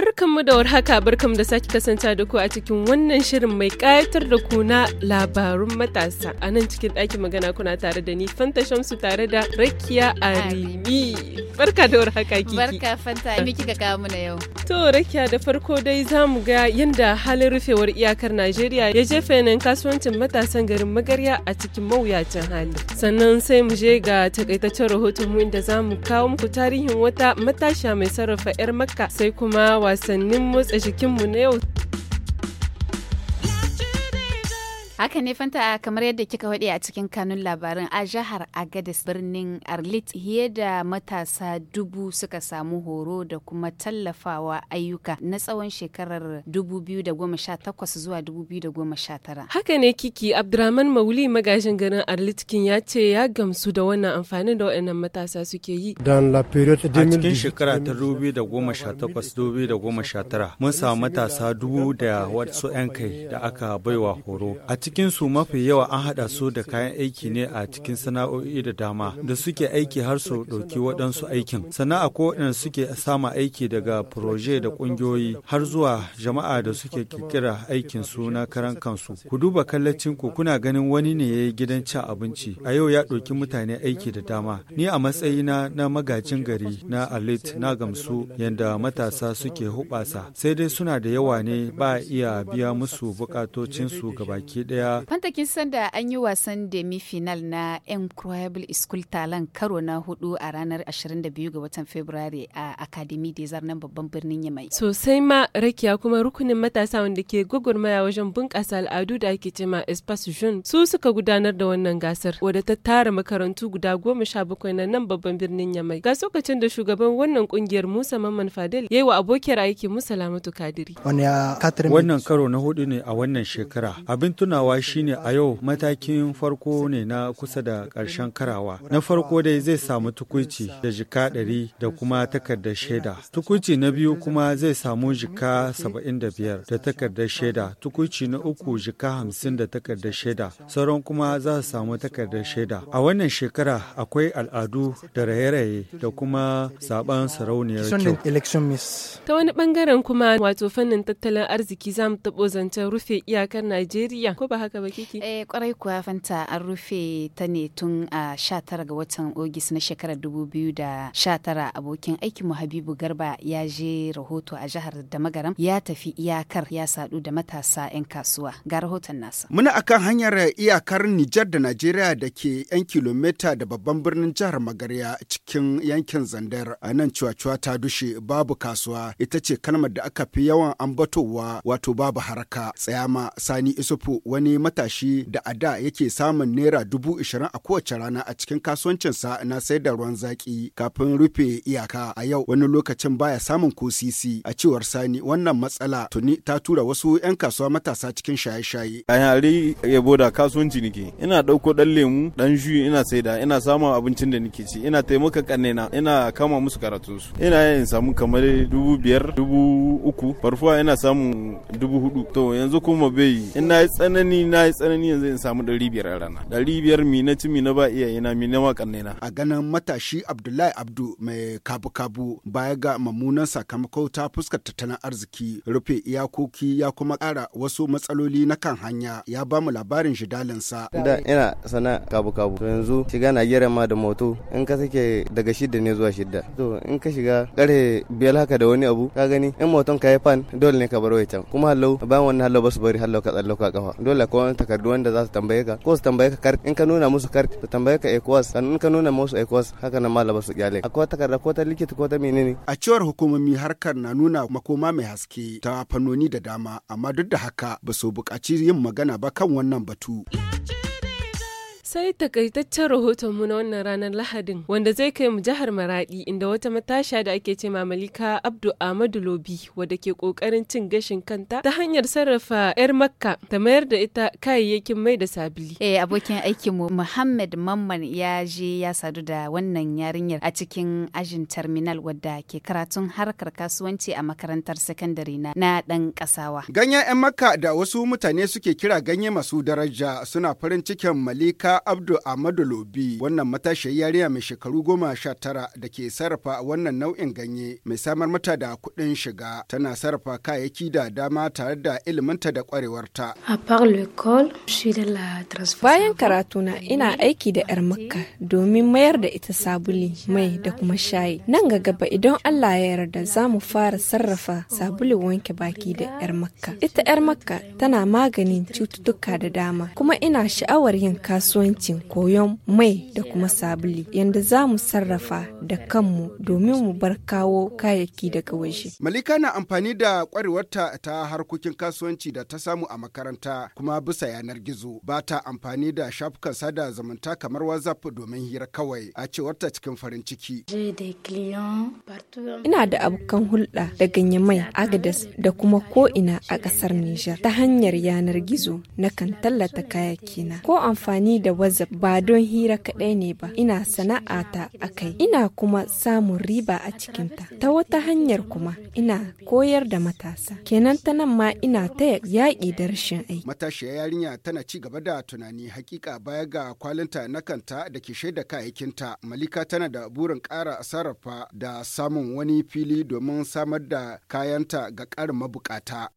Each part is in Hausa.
Barkanmu da warhaka barkanmu da sake kasance da ku a cikin wannan shirin mai kayatar da ku na labarun matasa. A nan cikin ɗakin magana kuna tare da ni Fanta Shamsu tare da Rakiya Arimi. Barka da warhaka kiki. Barka Fanta, me kika kawo na yau? To Rakiya da farko dai za mu ga yanda halin rufewar iyakar Najeriya ya jefa yanayin kasuwancin matasan garin Magarya a cikin mawuyacin hali. Sannan sai mu je ga takaitaccen rahoton mu inda za mu kawo muku tarihin wata matasha mai sarrafa 'yar makka sai kuma wasanninmu motsa jikinmu na yau Haka ne fanta kamar yadda kika waɗe a cikin kanun labarin a jihar agadis birnin Arlit fiye da matasa dubu suka samu horo da kuma tallafawa ayyuka na tsawon shekarar 2018 zuwa 2019. Haka ne kiki Abdurrahman Mauli magajin garin Arlitkin ya ce ya gamsu da wannan amfanin da waɗannan matasa suke yi. A cikin shekara ta 2018-2019 mun samu matasa dubu da wasu 'yan kai da aka baiwa horo. su mafi yawa an haɗa su da kayan aiki ne a cikin sana'o'i da dama da suke aiki har su ɗauki waɗansu aikin. Sana'a ko waɗanda suke sama aiki daga proje da ƙungiyoyi har zuwa jama'a da suke ƙirƙira aikin su na karan kansu. Ku duba kallacin ku kuna ganin wani ne ya yi gidan cin abinci. A yau ya ɗauki mutane aiki da dama. Ni a matsayina na magajin gari na Alit na gamsu yadda matasa suke huɓasa. Sai dai suna da yawa ne ba iya biya musu bukatocinsu gabaki ɗaya gaskiya fanta kin an yi wasan demi final na incredible school talent karo na hudu a ranar 22 ga watan february a academy da nan babban birnin yamai sosai ma rakiya kuma rukunin matasa wanda ke gwagwarmaya wajen bunkasa al'adu da ake cema espace jeune su suka gudanar da wannan gasar wadda ta tara makarantu guda goma sha bakwai na nan babban birnin yamai ga lokacin da shugaban wannan kungiyar musa mamman fadil ya yi wa abokiyar aiki musa lamatu kadiri wannan karo na hudu ne a wannan shekara abin tunawa karawa shine a yau matakin farko ne na kusa da karshen karawa. Na farko dai zai samu tukuici da jika ɗari da kuma takardar shaida. Tukuici na biyu kuma zai samu jika saba'in da biyar da takardar shaida. Tukuici na uku jika hamsin da takardar shaida. Sauran kuma za su samu takardar shaida. A wannan shekara akwai al'adu da raye-raye da kuma zaben sarauniyar kyau. Ta wani bangaren kuma wato fannin tattalin arziki za mu taɓo zancen rufe iyakar Najeriya ko ba haka ba kiki? Eh kwarai kuwa fanta an rufe ta ne tun a 19 ga watan Ogis na shekarar dubu biyu da 2019 abokin aikin mu Habibu Garba ya je rahoto a jihar Damagaram ya tafi iyakar ya sadu da matasa 'yan kasuwa ga rahoton nasa. Muna akan hanyar iyakar Nijar da Najeriya da ke 'yan kilomita da babban birnin jihar Magarya cikin yankin Zandar a nan cuwa-cuwa ta dushe babu kasuwa ita ce kalmar da aka fi yawan ambatowa wato babu haraka tsayama sani isufu wani wani matashi da a da yake samun naira dubu ishirin a kowace rana a cikin kasuwancinsa na sayar da ruwan zaki kafin rufe iyaka a yau wani lokacin baya samun ko sisi a cewar sani wannan matsala tuni ta tura wasu 'yan kasuwa matasa cikin shaye-shaye. a yare yabo da kasuwanci nike ina ɗauko ɗan lemu ɗan juyi ina saida ina samun abincin da nike ci ina taimaka nena ina kama musu karatunsu ina yin samun kamar dubu biyar dubu uku farfuwa ina samun dubu hudu to yanzu kuma bai ina yi tsanani tsanani na yi tsanani yanzu in samu ɗari biyar a rana ɗari biyar mi na na ba iyayena mi na waƙan na. a ganin matashi abdullahi abdu mai kabu-kabu baya ga mummunan sakamako ta fuskar tattalin arziki rufe iyakoki ya kuma ƙara wasu matsaloli na kan hanya ya ba mu labarin shidalinsa. da ina sana kabu-kabu to yanzu shiga na ma da moto in ka sake daga shida ne zuwa shida to in ka shiga ƙare biyar haka da wani abu ka gani in moton ka yi fan dole ne ka bar can. kuma hallau bayan wannan hallau ba su bari hallau ka ka kafa dole dole ko takardu wanda za su tambaye ka ko su tambaye ka kart in ka nuna musu karti su tambaye ka ecowas sannan in ka nuna musu ecowas haka nan labar su kyale akwai takarda ko ta likita ko ta menene a cewar hukumomi harkar na nuna makoma mai haske ta fannoni da dama amma duk da haka ba su buƙaci yin magana ba kan wannan batu. Sai takaitaccen rahotonmu na wannan ranar Lahadin wanda zai kai mu jihar Maradi inda wata matasha da ake ce Malika Abdu Ahmadu Lobi wadda ke kokarin cin gashin kanta ta hanyar sarrafa 'yar Makka ta mayar da ita kayayyakin mai da sabili. Eh abokin aikin mu Muhammad Mamman ya je ya sadu da wannan yarinyar a cikin ajin terminal wadda ke karatun harkar kasuwanci a makarantar sakandare na na dan kasawa. Ganyen 'yan Makka da wasu mutane suke kira ganye masu daraja suna farin cikin Malika abdul Abdu Ahmadu Lobi wannan matashiyar yariya mai shekaru goma sha tara da ke sarrafa wannan nau'in ganye mai samar mata da kuɗin shiga tana sarrafa kayayyaki da dama tare da iliminta da ƙwarewarta. Bayan karatuna ina aiki da 'yar makka domin mayar da ita sabuli mai da kuma shayi. Nan ga gaba idan Allah ya yarda za mu fara sarrafa sabulin wanke baki da 'yar makka. Ita 'yar makka tana maganin cututtuka da dama kuma ina sha'awar yin kasuwanci mahimmancin koyon mai da kuma sabuli yadda za mu sarrafa da kanmu domin mu bar kawo kayayyaki daga waje. Malika na amfani da kwarewarta ta harkokin kasuwanci da ta samu a makaranta kuma bisa yanar gizo ba ta amfani da shafukan sada zumunta kamar WhatsApp domin hira kawai a cewarta cikin farin ciki. Ina da abokan hulɗa da mai Agadas da kuma ko'ina a ƙasar Nijar ta hanyar yanar gizo na kan tallata kayakina ko amfani da WhatsApp ba don hira kaɗai ne ba, ina ta a kai, ina kuma samun riba a cikinta. Ta wata hanyar kuma ina koyar da matasa, kenan ta nan ma ina ta yaƙi da rashin aiki. Matashiya yarinya tana ci gaba da tunani hakika baya ga kwalinta na kanta da ke shaida kayayyakinta. Malika tana da burin ƙara sarrafa da samun wani fili domin samar da kayanta ga ƙarin mabukata.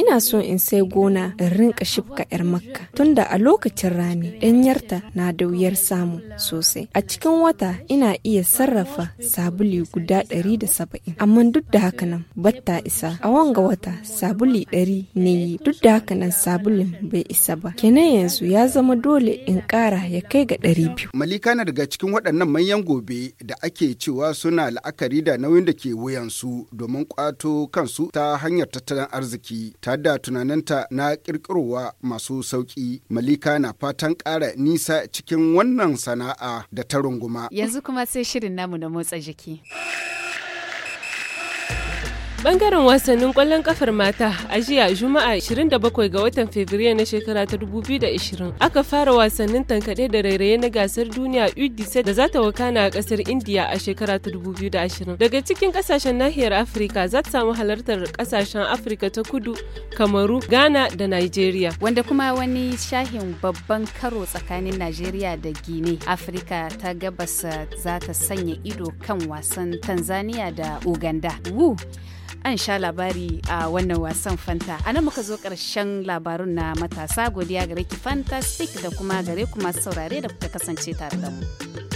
Ina so in sai gona in rinka shifka 'yar makka tunda a lokacin rani ɗanyarta na da wuyar samu sosai. A cikin wata ina iya sarrafa sabuli guda ɗari da saba'in. amma duk da haka nan batta isa a wanga wata sabuli ɗari ne yi duk da haka nan sabulin bai isa ba. Kenan yanzu ya zama dole in ƙara ya kai ga 200. Malika na daga cikin waɗannan manyan gobe da ake cewa suna la'akari da nauyin da ke wuyansu domin ƙwato kansu ta hanyar tattalin arziki tare da tunaninta na ƙirƙirowa masu sauƙi yi malika na fatan ƙara nisa cikin wannan sana'a da ta runguma yanzu kuma sai shirin namu na motsa jiki Bangaren wasannin kwallon kafar mata a jiya Juma'a 27 ga watan Fabrairu na shekara ta 2020 aka fara wasannin tankaɗe da rairaye na gasar duniya U17 da za ta wakana a ƙasar Indiya a shekara ta 2020. Daga cikin ƙasashen nahiyar Afirka za ta samu halartar ƙasashen Afirka ta Kudu, Kamaru, Ghana da Nigeria. Wanda kuma wani shahin babban karo tsakanin Nigeria da Guinea. Afirka ta gabas za ta sanya ido kan wasan Tanzania da Uganda. an sha labari a wannan wasan fanta a nan muka zo karshen labarun na matasa godiya gare ki fantastic da kuma gare ku masu saurare da kuka kasance tare da mu.